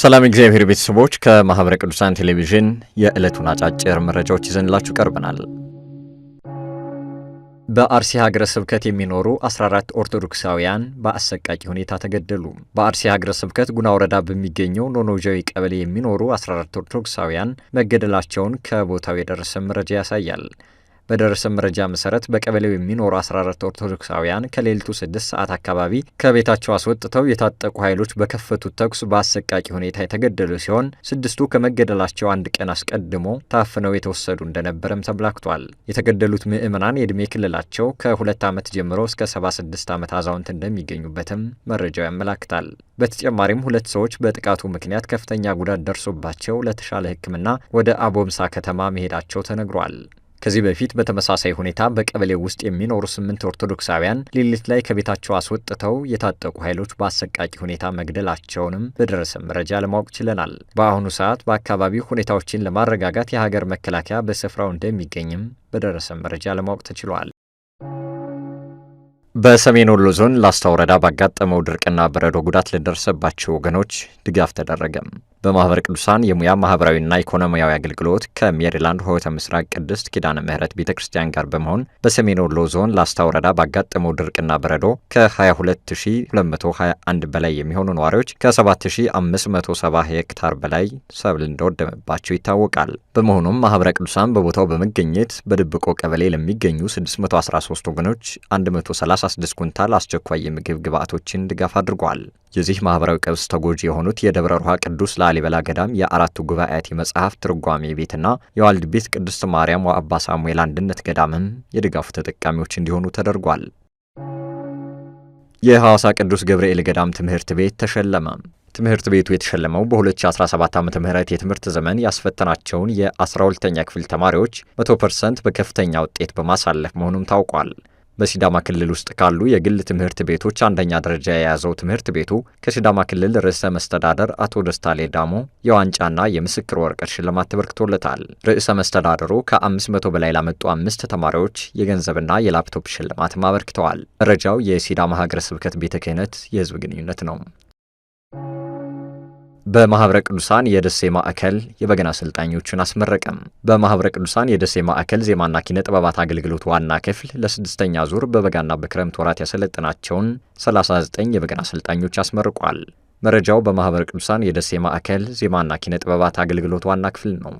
ሰላም እግዚአብሔር ቤተሰቦች ከማኅበረ ቅዱሳን ቴሌቪዥን የዕለቱን አጫጭር መረጃዎች ይዘንላችሁ ቀርበናል። በአርሲ ሀገረ ስብከት የሚኖሩ 14 ኦርቶዶክሳውያን በአሰቃቂ ሁኔታ ተገደሉ። በአርሲ ሀገረ ስብከት ጉና ወረዳ በሚገኘው ኖኖጃዊ ቀበሌ የሚኖሩ 14 ኦርቶዶክሳውያን መገደላቸውን ከቦታው የደረሰ መረጃ ያሳያል። በደረሰ መረጃ መሰረት በቀበሌው የሚኖሩ 14 ኦርቶዶክሳውያን ከሌሊቱ 6 ሰዓት አካባቢ ከቤታቸው አስወጥተው የታጠቁ ኃይሎች በከፈቱት ተኩስ በአሰቃቂ ሁኔታ የተገደሉ ሲሆን ስድስቱ ከመገደላቸው አንድ ቀን አስቀድሞ ታፍነው የተወሰዱ እንደነበረም ተብላክቷል። የተገደሉት ምዕመናን የዕድሜ ክልላቸው ከሁለት ዓመት ጀምሮ እስከ 76 ዓመት አዛውንት እንደሚገኙበትም መረጃው ያመላክታል። በተጨማሪም ሁለት ሰዎች በጥቃቱ ምክንያት ከፍተኛ ጉዳት ደርሶባቸው ለተሻለ ሕክምና ወደ አቦምሳ ከተማ መሄዳቸው ተነግሯል። ከዚህ በፊት በተመሳሳይ ሁኔታ በቀበሌ ውስጥ የሚኖሩ ስምንት ኦርቶዶክሳውያን ሌሊት ላይ ከቤታቸው አስወጥተው የታጠቁ ኃይሎች በአሰቃቂ ሁኔታ መግደላቸውንም በደረሰ መረጃ ለማወቅ ችለናል። በአሁኑ ሰዓት በአካባቢው ሁኔታዎችን ለማረጋጋት የሀገር መከላከያ በስፍራው እንደሚገኝም በደረሰ መረጃ ለማወቅ ተችሏል። በሰሜን ወሎ ዞን ላስታ ወረዳ ባጋጠመው ድርቅና በረዶ ጉዳት ለደረሰባቸው ወገኖች ድጋፍ ተደረገም። በማህበረ ቅዱሳን የሙያ ማህበራዊና ኢኮኖሚያዊ አገልግሎት ከሜሪላንድ ሆተ ምስራቅ ቅድስት ኪዳነ ምህረት ቤተ ክርስቲያን ጋር በመሆን በሰሜን ወሎ ዞን ላስታ ወረዳ ባጋጠመው ድርቅና በረዶ ከ22221 በላይ የሚሆኑ ነዋሪዎች ከ7570 ሄክታር በላይ ሰብል እንደወደመባቸው ይታወቃል። በመሆኑም ማህበረ ቅዱሳን በቦታው በመገኘት በድብቆ ቀበሌ ለሚገኙ 613 ወገኖች 136 ኩንታል አስቸኳይ የምግብ ግብዓቶችን ድጋፍ አድርጓል። የዚህ ማህበራዊ ቀውስ ተጎጂ የሆኑት የደብረ ሮሃ ቅዱስ ላሊበላ ገዳም የአራቱ ጉባኤያት የመጽሐፍ ትርጓሜ ቤትና የዋልድቤት ቅድስት ማርያም ወአባ ሳሙኤል አንድነት ገዳምም የድጋፉ ተጠቃሚዎች እንዲሆኑ ተደርጓል። የሐዋሳ ቅዱስ ገብርኤል ገዳም ትምህርት ቤት ተሸለመ። ትምህርት ቤቱ የተሸለመው በ2017 ዓ ም የትምህርት ዘመን ያስፈተናቸውን የ12ተኛ ክፍል ተማሪዎች 100 ፐርሰንት በከፍተኛ ውጤት በማሳለፍ መሆኑም ታውቋል። በሲዳማ ክልል ውስጥ ካሉ የግል ትምህርት ቤቶች አንደኛ ደረጃ የያዘው ትምህርት ቤቱ ከሲዳማ ክልል ርዕሰ መስተዳደር አቶ ደስታ ሌዳሞ የዋንጫና የምስክር ወረቀት ሽልማት ተበርክቶለታል። ርዕሰ መስተዳደሩ ከ500 በላይ ላመጡ አምስት ተማሪዎች የገንዘብና የላፕቶፕ ሽልማትም አበርክተዋል። መረጃው የሲዳማ ሀገረ ስብከት ቤተ ክህነት የህዝብ ግንኙነት ነው። በማህበረ ቅዱሳን የደሴ ማዕከል የበገና አሰልጣኞችን አስመረቀም። በማህበረ ቅዱሳን የደሴ ማዕከል ዜማና ኪነ ጥበባት አገልግሎት ዋና ክፍል ለስድስተኛ ዙር በበጋና በክረምት ወራት ያሰለጥናቸውን 39 የበገና አሰልጣኞች አስመርቋል። መረጃው በማህበረ ቅዱሳን የደሴ ማዕከል ዜማና ኪነ ጥበባት አገልግሎት ዋና ክፍል ነው።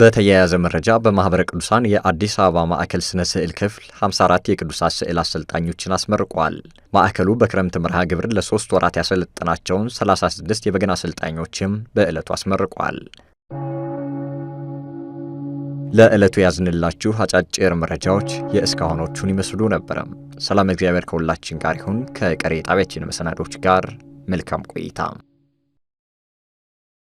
በተያያዘ መረጃ በማኅበረ ቅዱሳን የአዲስ አበባ ማዕከል ስነ ስዕል ክፍል 54 የቅዱሳት ስዕል አሰልጣኞችን አስመርቋል። ማዕከሉ በክረምት መርሃ ግብር ለሶስት ወራት ያሰለጠናቸውን 36 የበገና አሰልጣኞችም በዕለቱ አስመርቋል። ለዕለቱ ያዝንላችሁ አጫጭር መረጃዎች የእስካሁኖቹን ይመስሉ ነበረም። ሰላም እግዚአብሔር ከሁላችን ጋር ይሁን። ከቀሪ ጣቢያችን መሰናዶች ጋር መልካም ቆይታ